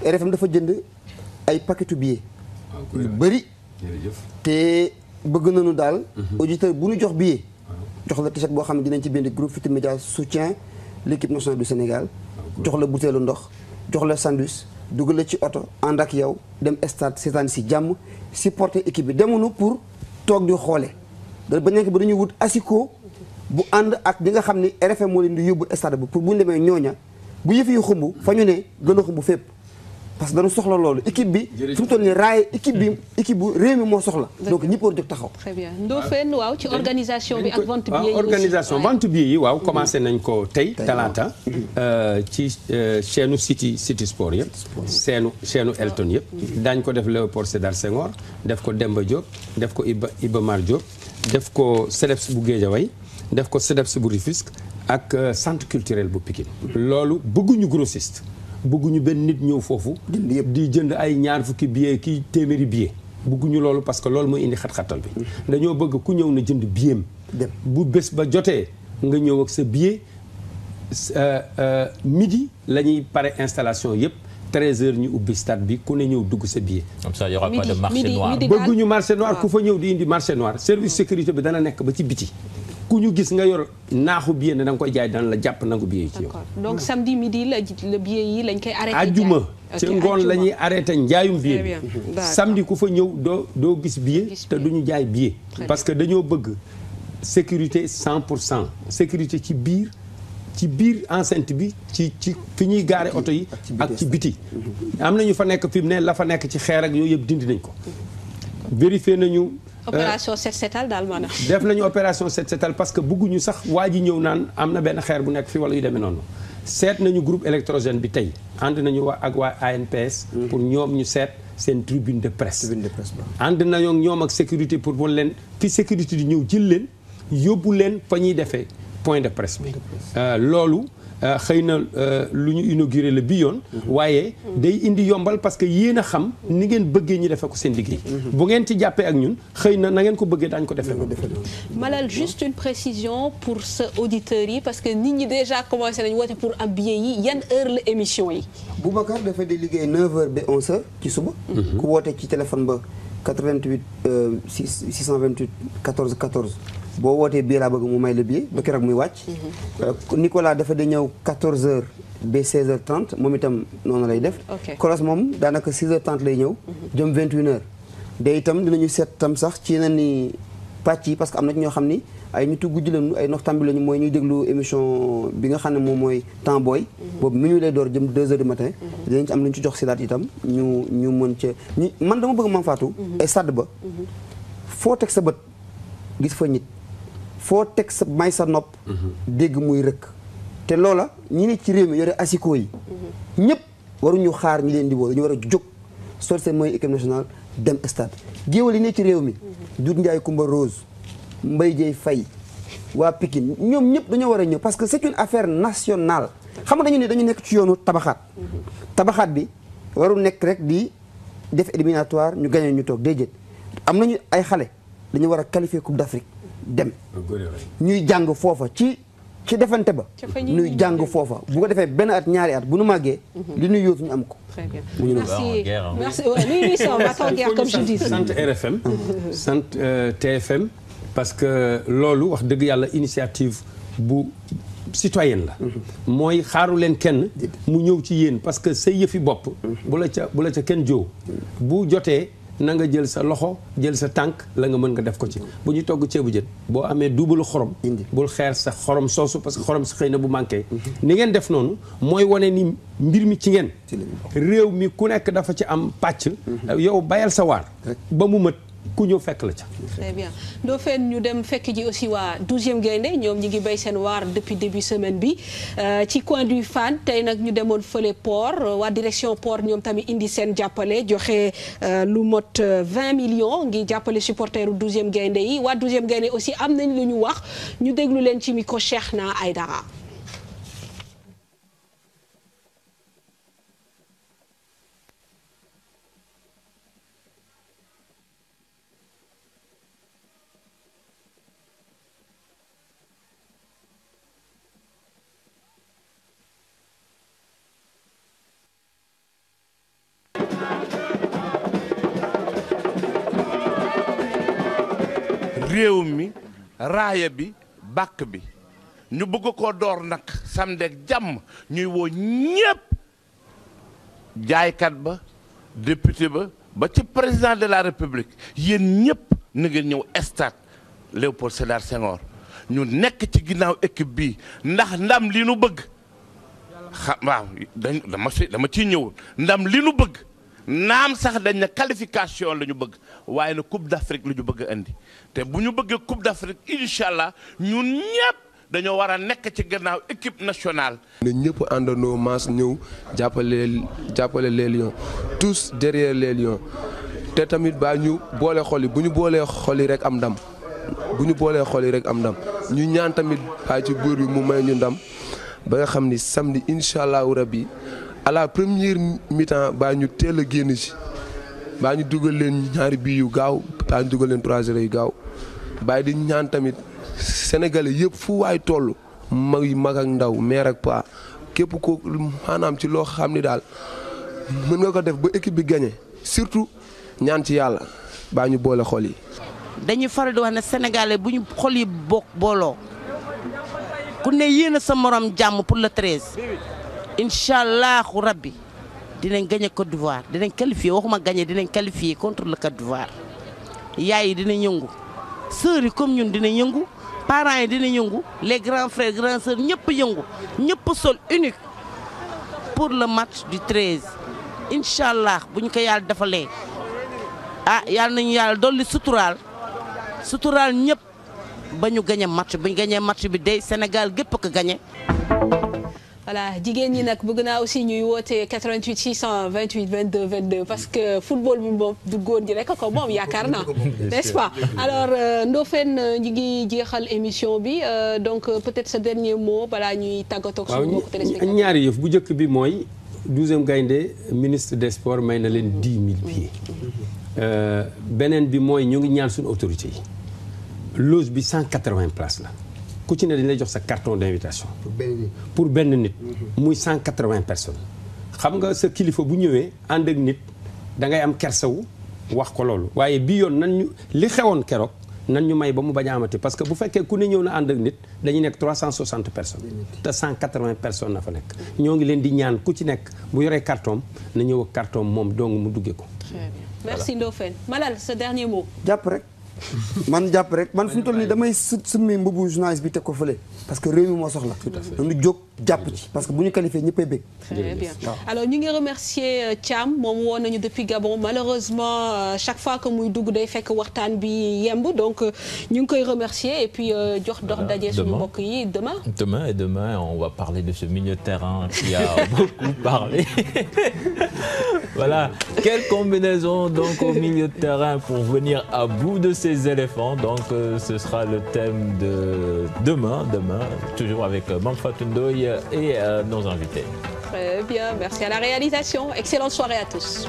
RFM dafa jënd ay paquetu billets. yu bëri. te bëgg nañu daal. Mhm. auditeur bu ñu jox billet. Ah. jox la t boo xam ne dinañ ci bind groupe Futurs Médias soutien l'équipe du Sénégal. jox la butéelu ndox jox la sandwich dugal la ci oto ànd ak yow dem stade seetaan si jàmm supporter équipe bi demuñu pour toog di xoole da ba nekk ba dañuy wut asiko bu ànd ak li nga xam ne RFM moo leen di yóbbu stade pour bu ñu demee ñooña bu yëf yi xumb fa ne gën a xumb fépp. parce que dañu soxla loolu équipe bi fu mu toll nii raay équipe bi équipe bu réew mi moo soxla donc ñëpp war jóg taxaw très bien Ndofène waaw ci organisation bi ak vente billets yi organisation waaw mm-hmm. commencer nañ ko tey talaata mm-hmm. euh, ci euh, chaîne City City Sport yëpp seenu chaîne Elton yëpp mm-hmm. dañ ko def Léopold Sédar Senghor def ko Demba Diop def ko Iba Iba Mar def ko CEDEPS bu Guédiawaye def ko CEDEPS bu Rufisque ak euh, centre culturel bu Pikine loolu bëgguñu grossiste bëgguñu benn nit ñëw foofu. di jënd ay ñaar fukki billet kii téeméeri billet. bëgguñu loolu parce que loolu mooy indi xat-xatal bi. Mm. dañoo bëgg ku ñëw na jënd billeem. bu bés ba jotee nga ñëw ak sa billet euh, euh, midi la ñuy pare installation yëpp. 13h ñu ubbi stat bi ku ne ñëw dugg sa billet. comme ça y aura pas de marché noir. bëgguñu marché noir ah. ku fa ñëw di indi marché noir. service ah. sécurité bi dana nekk ba ci biti. ku ñu gis nga yor naaxu billet ne da nga koy jaay daan la jàpp nangu billet yi ci yow. donc samedi midi la le billet yi lañ koy arrêté. ajjuma ci ngoon la ñuy arrêté njaayum billet bi. Mhm. samedi ku fa ñëw doo doo gis billet te du ñu jaay billet. parce que dañoo bëgg sécurité 100 pour cent sécurité ci biir. ci biir enceinte bi ci ci fi ñuy gaare oto yi ak ci biti am na ñu fa nekk fi mu ne la fa nekk ci xeer ak yooyu yëpp dindi nañ ko mhm. vérifié nañu opération set setal daal euh, def nañu opération set setal parce que bëgguñu sax waa ji ñëw naan am na benn xeer bu nekk fii wala yu demee noonu seet nañu groupe électrogène bi tey ànd nañu waa ak waa ANPS. Hmm. pour ñoom ñu seet seen tribune de presse. tribune de ànd nañoo ñoom ak sécurité pour wan leen fi sécurité di ñëw jël leen yóbbu leen fa ñuy defee. point de presse bi euh, loolu euh, xëy na euh, lu ñu inauguré la bi yoon waaye day indi yombal parce que yéen a xam ni ngeen bëggee ñu defee ko seen liggéey bu ngeen ci jàppee ak ñun xëy na na ngeen ko bëggee daañu ko ko defee Malal juste une précision pour sa auditeurs yi parce que nit ñi déjà commencé nañu woote pour am billet yi yan heure la émission yi Boubacar dafa di liggéey 9h ba 11h ci suba mhm. ku woote ci téléphone ba 88 628 14 14 boo wootee bii laa bëgg mu may la bii ba keroog muy wàcc. Mhm. Euh, Nicolas dafa di ñëw 14h ba 16h30 moom itam noonu lay def. ok Kolos moom daanaka 6h30 lay ñëw. Mhm. jëm 21h. de itam dinañu seet tam sax ci yeneen i pàcc yi parce que am na ñoo xam ni ay nitu guddi lañu ay ndox tàmbi lañu mooy ñuy déglu émission bi nga xam ne moom mooy temps booy. Mhm. boobu minuit lay door jëm 2h du matin. dinañ ci am lu ñu ci jox si daat itam ñu ñu mën ba. foo teg sa bët gis fa foo teg sa may sa nopp dégg muy rëkk te loola ñi ne ci réew mi yore asiko yi ñëpp waruñu xaar ñi leen di woo dañu war a jóg sol seen mooy équipe nationale dem stade géewal yi ne ci réew mi Doudou Ndiaye Coumba Rose mbay Dieye fay waa Pikine ñoom ñëpp dañoo war a ñëw parce que c'est une affaire nationale xam na dañu ne dañu nekk ci yoonu tabaxaat tabaxaat bi waru nekk rek di def éliminatoire ñu gagné ñu toog déedéet am nañu ay xale dañu war a qualifier Coupe d'Afrique dem ñuy jàng foofa ci ci defante ba ñuy jàng foofa bu ko defee benn at ñaari at bu nu màggee mhm. li ñuy yóotu ñu am ko très bien merci merci oui sant RFM sant euh, TFM parce que loolu wax dëgg yàlla initiative bu citoyenne la mhm. mooy xaaru leen kenn mu ñëw ci yéen parce que say yëfi bopp mhm. bu la ca bu la ca kenn jow bu jotee na nga jël sa loxo jël sa tànk la nga mën nga def ko ci bu ñu togg ceebu jën boo amee double xorom bul xeer sa xorom soosu parce que xorom si xëy na bu manqué ni ngeen def noonu mooy wane ni mbir mi ci ngeen réew mi ku nekk dafa ci am pàcc mhm. yow bayal sa waar ba mu mët ku ñëw fekk la ca. très bien Ndofène ñu dem fekk ji aussi waa 12e gaynde ñoom ñi ngi bay seen waar depuis début semaine bi euh, ci coin du tey nag ñu demoon fële port waa direction port ñoom tamit indi seen jàppale joxe euh, lu mot 20 euh, millions ngi jàppale supporteru 12e gaynde yi waa 12e gaynde aussi am nañ lu ñu wax ñu déglu leen ci micro Cheikhna Aidara. réew mi raaya bi bàkk bi ñu bëgg koo door nag samedi jàmm ñuy woo ba député ba ba ci président de la république yéen ñëpp na ngeen ñëw stade Léopold Sédar Senghor ñu nekk ci ginnaaw équipe bi ndax ndam li nu bëgg xam waaw ñëw ndam li nu bëgg naam sax dañ na qualification la ñu bëgg waaye na coupe d'Afrique la ñu bëgg indi te bu ñu bëggee coupe d'Afrique incha allah ñun ñëpp dañoo war a nekk ci gannaaw équipe nationale. ne ñëpp àndandoo maas ñëw jàppale jàppale les lions tous derrière lee lions te tamit ba ñu boole xol yi bu ñu boolee xol yi rek am ndam bu ñu boolee xol yi rek am ndam ñu ñaan tamit baa ci buur bi mu may ñu ndam ba nga xam ni samedi incha allahu rabbi à la première mi-temps baa ñu teel a génn si baa ñu dugal leen ñaari bii yu gaaw baa ñu dugal leen trois yu gaaw bàyyi di ñaan tamit sénégalais yëpp fu waay toll mag yi mag ak ndaw meer ak paa képp ko maanaam ci loo xam ni daal mën nga ko def ba équipe bi gagné surtout ñaan ci yàlla baa ñu boole xol yi. dañuy faral di ne sénégalais bu ñu xol yi bokk booloo ku ne yéene sa morom jàmm pour le treize. incha allahu rabbi dinañ gagné Côte d'Ivoire dinañ qualifié waxuma gañe dinañ qualifié contre le Côte d'Ivoire yaay yi dina yëngu sœurs yi comme ñun dina yëngu parents yi dina yëngu les grands frères grands sœurs ñëpp yëngu ñëpp sol unique pour le match du 13 incha allah bu ñu ko yàlla defalee ah yàlla nañu yàlla dolli suturaal suturaal ñëpp ba ñu gagné match bu ñu gagné match bi day Sénégal gépp ko gagné. voilà jigéen ñi nag bëgg naa aussi ñuy woote 88 628 22 22 parce que football bi moom du góor ji rek ko moom yaakaar naa n'est-ce pas alors euh, Ndofène euh, ñu ngi jeexal émission bi euh, donc peut-être ce dernier moo balaa ñuy tàggatoo ak suñu mbokk ñaari yëf bu njëkk bi mooy douzième gaynde ministre des sports may na leen dix mille billets mm-hmm. beneen bi mooy ñu ngi ñaan suñu autorité yi loge bi cent quatre-vingts la ku ci ne dañ lay jox sa carton d'invitation. pour benn nit pour benn nit. Mhm. muy personnes. xam nga sa kilifa bu ñëwee ànd ak nit da ngay am kersawu wax ko loolu waaye bii yoon nan ñu li xewoon keroog nan ñu may ba mu bañ a amati parce que bu fekkee ku ne ñëw na ànd ak nit dañu nekk 360 personnes te 180 personnes na fa nekk ñoo ngi leen di ñaan ku ci nekk bu yoree carton na ñëw ak carton moom dong mu duggee ko. très bien merci Malal ce dernier mot. man jàpp rek man fu mu toll nii damay su summi mbubu journaliste bi te ko fële parce que réew mi moo soxla dañu jóg jàpp ci parce que bu ñu qualifié ñëppay bëgg très bien alors ñu ngi remercier euh, Thiam moom woon nañu depuis Gabon malheureusement euh, chaque fois que muy dugg day fekk waxtaan bi yemb donc euh, ñu ngi koy remercier et puis jox dox daje suñu mbokk yi demain demain et demain on va parler de ce milieu de terrain qui a beaucoup parlé Voilà. Quelle combinaison donc au milieu de terrain pour venir à bout de ces éléphants. Donc euh, ce sera le thème de demain, demain, toujours avec euh, Manfa et euh, nos invités. Très bien, merci à la réalisation. Excellente soirée à tous.